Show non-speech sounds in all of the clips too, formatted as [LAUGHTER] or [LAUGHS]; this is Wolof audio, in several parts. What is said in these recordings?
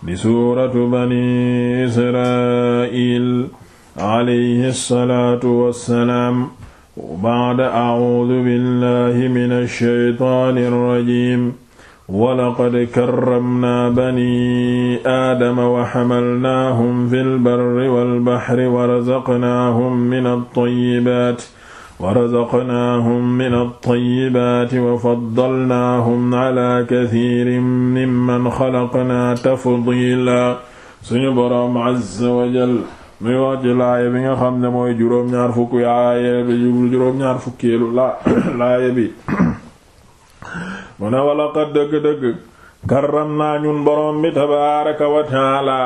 di suuratu bani israil alayhi salaatu wassalaam ba'da a'uudu billahi mina shaytaani rajiim walaqad karramnaa bani aadama wa hamalnaahum fil barri wal bahri wa razaqnaahum mina tayyibaat wa razaqnaahum min at-tayyibaati wa faddalnaahum ala kathiirin mimman xalaqnaa tafdiila suñu boroom azza wa jal muy wax ci laaya bi nga xam ne mooy juróom-ñaar fukk yaaye bi juróom-ñaar fukkeelu la laaya bi mu ne wala qad dëgg-dëgg karram naa ñun boroom bi tabaaraka wa taala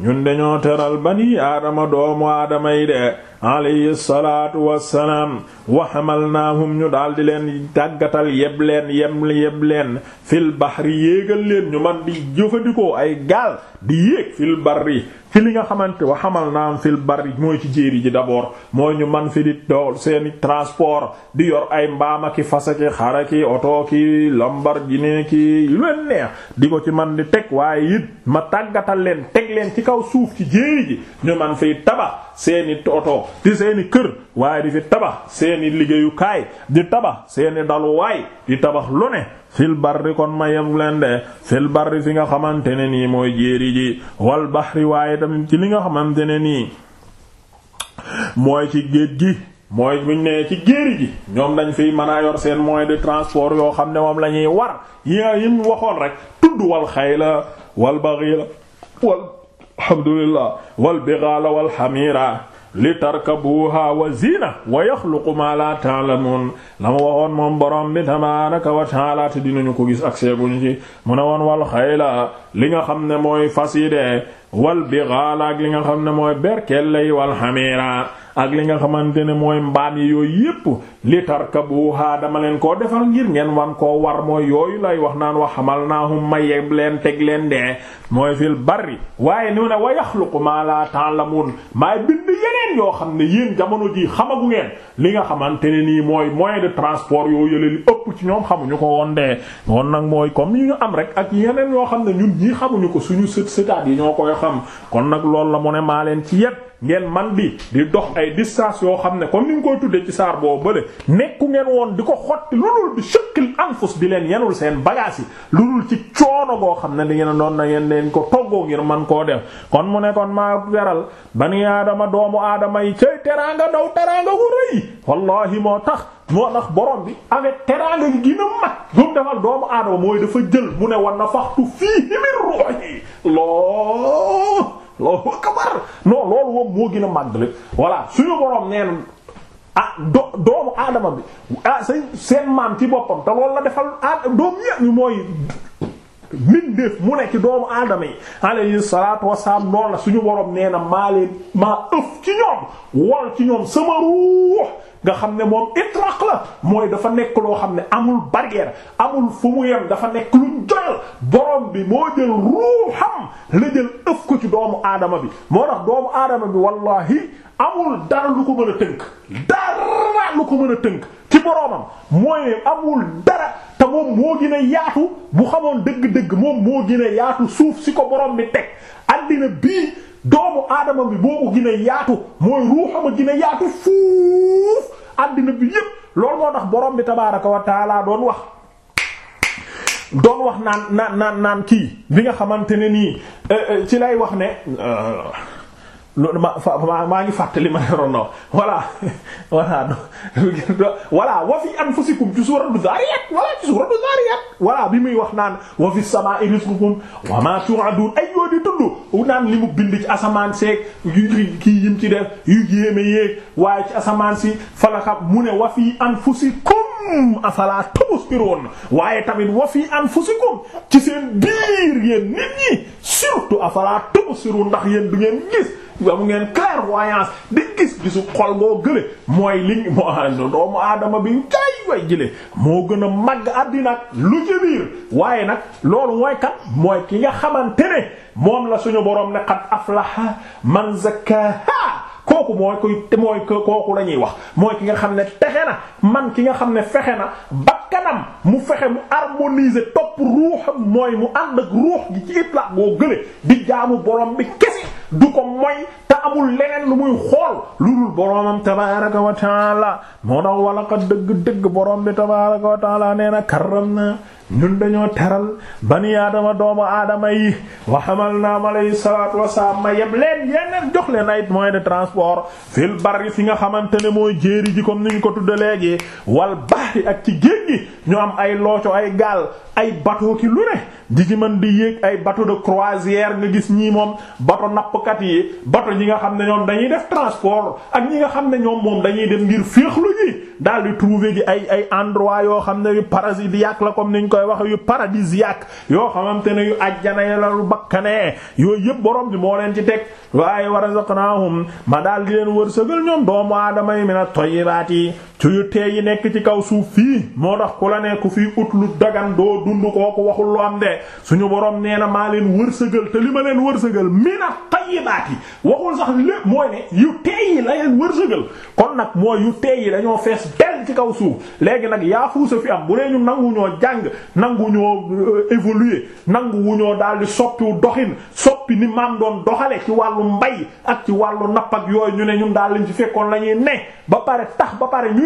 ñun dañoo teral bani aadama doomu aadama yi de alayhi salaatu wassalaam naa hamalnaahum ñu daal di leen tàggatal yeb leen yem yeb leen fil bahri yéegal leen ñu man di jëfandikoo ay gaal di yéeg fil barri ci li nga xamante wa hamalnaahum fil barri mooy ci jéeri ji d'abord mooy ñu man fi di dool seeni transport di yor ay mbaama ki fas ki xara ki oto ki Lamborghini ki lu leen neex di ko ci man di teg waaye it ma tàggatal leen teg leen ci kaw suuf ci jéeri ji ñu man fiy tabax seeni toto di seeni kër waaye di fi tabax seeni liggéeyukaay di tabax seeni daluwaay di tabax lu ne fil barri kon ma yem leen de fil barri fi nga xamante ne nii mooy jéeri ji wal baxri waaye tamit ci li nga xamante ne nii mooy ci géej gi mooy buñ nee ci géeri ji ñoom dañ fiy mën a yor seen moyen de transport yoo xam ne moom lañuy war yi nga yim waxoon rek tudd wal xayla wal baxila alhamdulillah wal bighala wal li tarkabuha wa zina wa yaxluqu ma la ta'lamun la ma waxoon moom borom bi tabaaraka wa ta'ala te dinañu ko gis ak seeguñu ci mu ne wal xayla li nga xam ne mooy fas yi de ak li nga xam ne mooy berkelle yi ak li nga xamante ne mooy mbaam yi yooyu yépp li tarkabuha dama leen koo defal ngir ngeen wan koo war mooy yooyu lay wax naan wa hamalnahum ma yeb leen teg leen dee mooy fil barri waaye ni ne wa yaxluqu ma la ta'lamun maay bind yeneen yoo xam ne yéen jamono ji xamagu ngeen li nga xamante ne nii mooy moyen de transport yoo yële li ëpp ci ñoom xamuñu ko woon dee woon nag mooy comme ñu am rek ak yeneen yoo xam ne ñun ñii xamuñu ko suñu sët sëtaat yi ñoo koy xam kon nag loolu la mu ne maa leen ngeen man bi di dox ay distance yoo xam ne comme ni nga koy tuddee ci saar boo bële nekku ngeen woon di ko xotti lu dul bi sëkkil anfus di leen yenul seen bagage yi lu dul ci coono goo xam ne di ngeen doon na ngeen leen ko toggoo ngir man koo def kon mu ne kon maa weral bani aadama doomu aadama yi cay teraanga daw teraanga gu rëy wallahi moo tax moo tax borom bi avec teraanga gi gën a mag gum defal doomu aadama mooy dafa jël mu ne war na faxtu fii himir ruuhi loo Allahu loolu moom moo gën a màgg voilà suñu borom nee ah doomu aadama bi ah seen maam ci boppam te loolu la defal aadama doom yëpp mooy mbindeef mu ne ci doomu aadama yi alayhi salaatu wasalaam noonu la suñu borom nee na maa leen ëf ci ñoom wol ci ñoom sama ruux nga xam ne moom itraq la mooy dafa nekk loo xam ne amul barrière amul fu mu yem dafa nekk luñ joyal borom bi moo jël ruuxam la jël ëf ko ci doomu aadama bi moo tax doomu aadama bi wallahi amul dara lu ko mën a tënk dara lu ko mën a tënk ci boroomam mooy amul dara te moom moo gën a yaatu bu xamoon dëgg-dëgg moom moo gën a yaatu suuf si ko borom bi teg àddina bii doomu aadama bi boobu gën yaatu mooy ruuxama gën a yaatu fuuf àddina bi yépp loolu moo tax borom bi tabaaraka wa doon wax doon wax naan naan naan naan kii bi nga xamante ne nii eh, eh, ci lay wax ne loolu maa ngi fàttali ma yoroon na [LAUGHS] voilà wa fi anfusikum ci suuratu Zaariyaat voilà bi muy wax naan wa fi samaa'i rizqukum wa maa tu'aduun ay yoo di tudd naan li mu ci asamaan seeg ci def yu yéeme si falaxam mu ne wa fi anfusikum afalaa tubsiruun waaye tamit wa fi anfusikum ci seen biir yéen nit ñi surtout afalaa tubsiruun ndax yéen du ngeen gis. am ngeen clairvoyance di gis gisu xol ngoo gële mooy li [LAUGHS] moo doomu aadama bi jaay way jële moo gën a màgg àddina ak lu ci biir waaye nag loolu mooy kat mooy ki nga xamante ne moom la suñu boroom ne qad aflaha man zakkaha kooku mooy koy mooy kooku la ñuy wax mooy ki nga xam ne texe na man ki nga xam ne fexe na ba bakkanam mu fexe mu harmoniser topp ruuxam mooy mu ànd ak ruux gi ci itlaq boo gële di jaamu borom bi kese du ko moy te amul leneen lu muy xool lu dul boroomam tabaaraka wa moo tax wala ka dëgg-dëgg boroom bi tabaaraka wa taala nee na ñun dañoo teral bani aadama doomu aadama yi wa hamalnaahum alayhi salaatu wa salaam ma yeb leen yeneen jox leen ay moyens de transport fil barri fi nga xamante ne mooy jéeri ji comme ni ñu ko tudde léegi wal bahri ak ci géej gi ñu am ay looco ay gaal ay bateau ki lu ne di ci mën di yéeg ay bateau de croisière nga gis ñii nappkat yi bato ñi nga xam ne ñoom dañuy def transport ak ñi nga xam ne ñoom moom dañuy dem ngir féexlu ji daal trouver ji ay ay endroit yoo xam ne yu paradisiaque la comme niñ koy wax yu paradisiaque yoo xamante ne yu ajjana ya la lu bakkanee yooyu yëpp borom bi moo leen ci teg waaye warazaqnahum ma daal di leen wërsëgal ñoom doomu aadama yi mina tayyibaati ci yu tee yi nekk ci kaw suuf fii moo tax ku la nekk fii ut lu dagan doo dund kooku waxul lu am de suñu borom nee na maa leen wërsëgal te li ma leen wërsëgal mina tayyibaati waxul sax lépp mooy ne yu tee yi la leen wërsëgal kon nag mooy yu tee yi dañoo fees del ci kaw suuf léegi nag yaa fuusa fi am bu dee ñu nangu ñoo jàng nangu ñoo euh, évoluer nangu wu ñoo daal di soppiwu doxin soppi ni maam doon doxale ci wàllu mbay ak ci wàllu napp ak yooyu ñu ne ñun daal lañ ci fekkoon la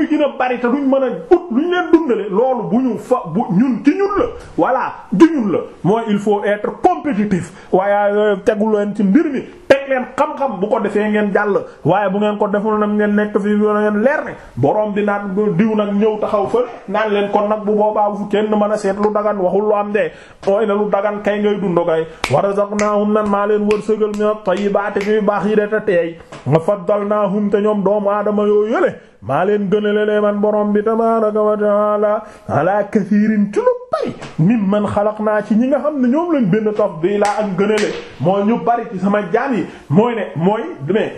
ñuy gën a bari te mën a ut lu ñu leen loolu bu ñu fa bu ñun ci ñun la mooy il faut être compétitif waaye euh, tegu leen ci mbir mi teg leen xam bu ko defee ngeen jàll waaye bu ngeen ko deful nag ngeen nekk fi leer borom di naan diw nag ñëw taxaw fa naan leen kon nag bu boobaa bu kenn mën a seet lu dagan waxul lu am de oo ne lu dagan kay ngay dund kay warzaqnahum nan maa leen wërsëgal min at-tayyibaati ñuy baax yi de te teey faddalnahum te ñoom doomu aadama yoo yële maa leen gënale lee man borom bi tabaaraka wa ta'aala ala kathirin ci lu bari mim man xalaq naa ci ñi nga xam ne ñoom lañ benn tof bii laa ak gënale moo ñu bari ci sama jaan yi mooy ne mooy demee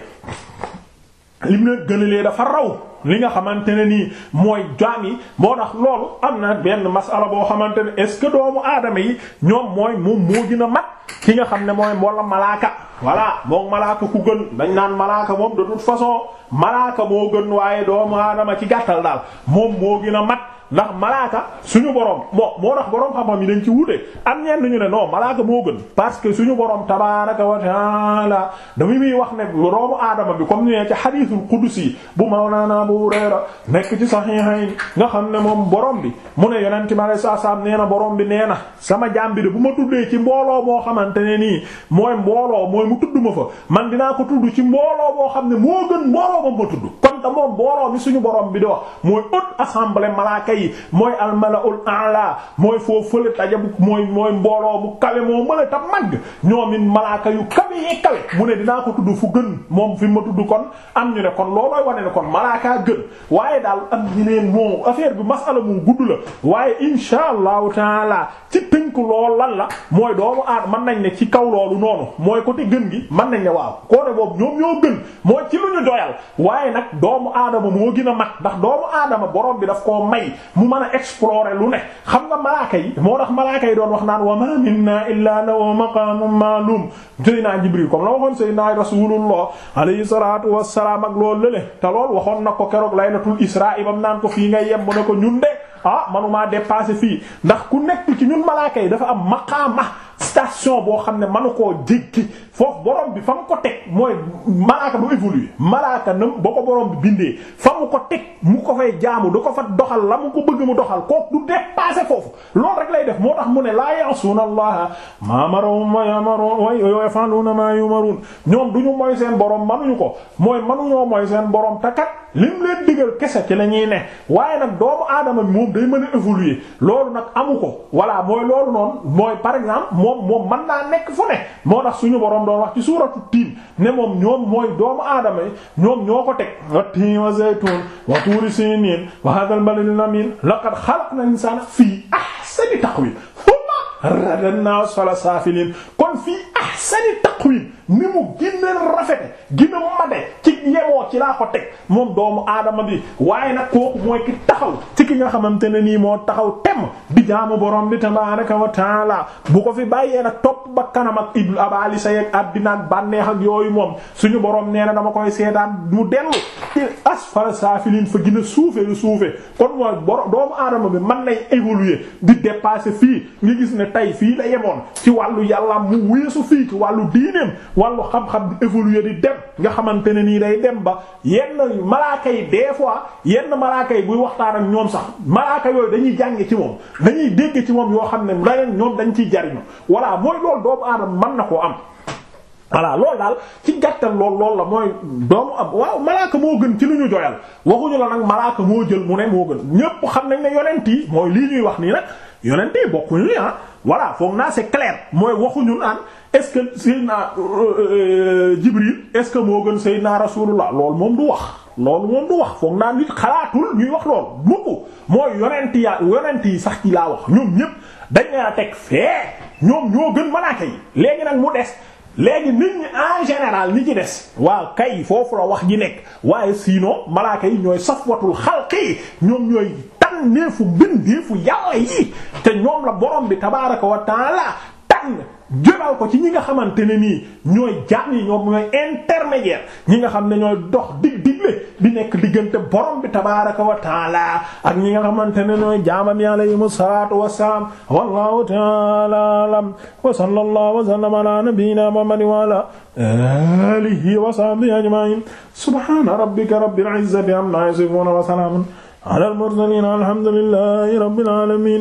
li lim a gënalee dafa raw li nga xamante ne nii mooy jaam yi boo tax loolu am na benn masala boo xamante ne est-ce que doomu aadama yi ñoom mooy moom moo gën a mat ki nga xam ne mooy walla malaaka voilà moom malaaka ku gën dañ naan malaaka moom de toute façon malaaka moo gën waaye doomu aadama ci gàttal daal moom moo gën a mat ndax malaaka suñu borom bon moo tax borom xam-xam yi dañ ci wute am ñenn ñu ne non malaaka moo gën parce que suñu borom tabaaraka wa taala damay muy wax ne doomu aadama bi comme ñu ne ci xadiisul qudsi bu mawlaana Abu Hurayra nekk ci saxiixayn nga xam ne moom borom bi mu ne yonent mi alayhi salaam nee na borom bi nee na sama jaam bu ma tuddee ci mbooloo moo xamante ne nii mooy mbooloo mooy mu tudduma ma fa man dinaa ko tudd ci mbooloo boo xam ne moo gën mbooloo ba ma tudd kon da mbooloo mi suñu borom bi di wax mooy haute assemblée malaaka yi mooy almalaul ala mooy foo fële tajabu mooy mooy mbooloo bu kawe moo mën a ta màgg ñoomin malaaka yu kawe yee kawe mu ne dinaa ko tudd fu gën moom fi ma tudd kon am ñu ne kon loolooy wane ne kon malaakaa gën waaye daal am ñu ne moo affaire bi masala mu gudd la waaye insha allahu taala ci tënk lool lan la mooy doomu aad man nañ ne ci kaw loolu noonu mooy côté gën gi man nañ ne waaw koo ne boobu ñoom ñoo gën mooy ci lu ñu doyal waaye nag doomu moo gën a ndax doomu aadama borom bi daf koo mu mën a explorer lu ne xam nga malaaka yi moo tax malaaka yi doon wax naan wa ma minna illa lahu maqamun ma'lum naa Jibril ko la waxoon Seydina Rasulullah alayhi salatu wassalam ak loolu lële ta lool waxoon na ko keroog laylatul isra bam naan ko fii ngay yem mu ne ko ñun de ah manuma dépasser fii ndax ku nekk ci ñun malaaka yi dafa am maqaama station boo xam ne manu koo jéggi foofu borom bi fa mu ko teg mooy malaaka du évoluer malaaka nag ba ko borom bi bindee fa mu ko teg mu ko fay jaamu du ko fa doxal la mu ko bëgg mu doxal kooku du dépasser foofu loolu rek lay def moo tax mu ne laa ya'suuna allaha maa amarahum ma ya'maruun wa yaf'aluuna maa yu'maruun ñoom du ñu mooy seen borom manuñu ko mooy manuñoo mooy seen borom takat lim leen digal kese ci la ñuy ne waaye nag doomu aadama bi moom day mën a évoluer loolu nag amu ko voilà mooy loolu noonu mooy par exemple moom moom mën naa nekk fu ne moo tax borom doon wax ci suuratu tiin ne moom ñoom mooy doomu aadama yi ñoom ñoo ko teg wa tiin wa zaytuun wa tuuri siniin wa hadal baladil amiin laqad xalaqnal insaana fii ahsani taqwiim radannaa sala saafiliin kon fii ahsani taqwiim ni mu gën a rafete gën a mate ci laa ko teg moom doomu aadama bi waaye nag kooku mooy ki taxaw ci ki nga xamante ne nii moo taxaw tem di jaamu borom bi tabaaraka wa taala bu ko fi bàyyee nag topp ba kanam ak ibl abali sa yeeg addina ak bànneex ak yooyu moom suñu borom nee na dama koy seetaan mu dellu asfala saafiliin fa gën a suufe lu suufe kon mooy borom doomu aadama bi man nay évoluer di dépasser fii nga gis ne tey fii la yemoon ci wàllu yàlla mu weesu fii ci wàllu diineem wàllu xam-xam di évoluer di xamante ne nii day yenn malaaka yi des fois yenn malaaka yi buy waxtaan ak ñoom sax malaaka yooyu dañuy jànge ci moom dañuy dégg ci moom yoo xam ne leneen ñoom dañ ciy jariñu voilà mooy loolu doomu aadama mën na koo am voilà loolu daal ci gàttal lool loolu la mooy doomu am waaw malaaka moo gën ci lu ñu joyal waxuñu la nag malaaka moo jël mu ne moo gën ñépp xam nañ ne yonent yi mooy lii ñuy wax nii nag yonent yi bokkuñu ah voilà foog naa se clair mooy waxuñu naan est-ce que Seydina euh, euh, euh, Jibril est-ce que moo gën sey Seydina Rasulullah loolu moom du wax loolu moom du wax foog naa nit xalaatul ñuy wax lool mukk mooy yonent ya yi sax ci laa wax ñoom ñépp dañ leen a teg fee ñoom ñoo gën malaaka yi léegi nag mu des léegi nit ñi en général ñi ci des waaw kay foofu la wax ji nekk waaye sinon malaaka yi ñooy safwatul xalqi ñoom ñooy tànneefu mbindeefu yàlla yi te ñoom la borom bi tabaaraka wa taala tànn jëlal ko ci ñi nga xamante ne nii ñooy jaam yi ñoom ñooy intermédiaire ñi nga xam ne ñooy dox dig digle di nekk diggante borom bi tabaaraka wa taala ak ñi nga xamante ne ñooy jaamam yi alayhimu salaatu wassalaam wallahu taala alam wa sallallahu wa sallama ala nabiyyina muhammadin wa ala alihi wa sahbihi ajma'in subhana rabbika rabbil izzati amma yasifun wa salamun alal mursaliin alhamdulillahi rabbil aalamiin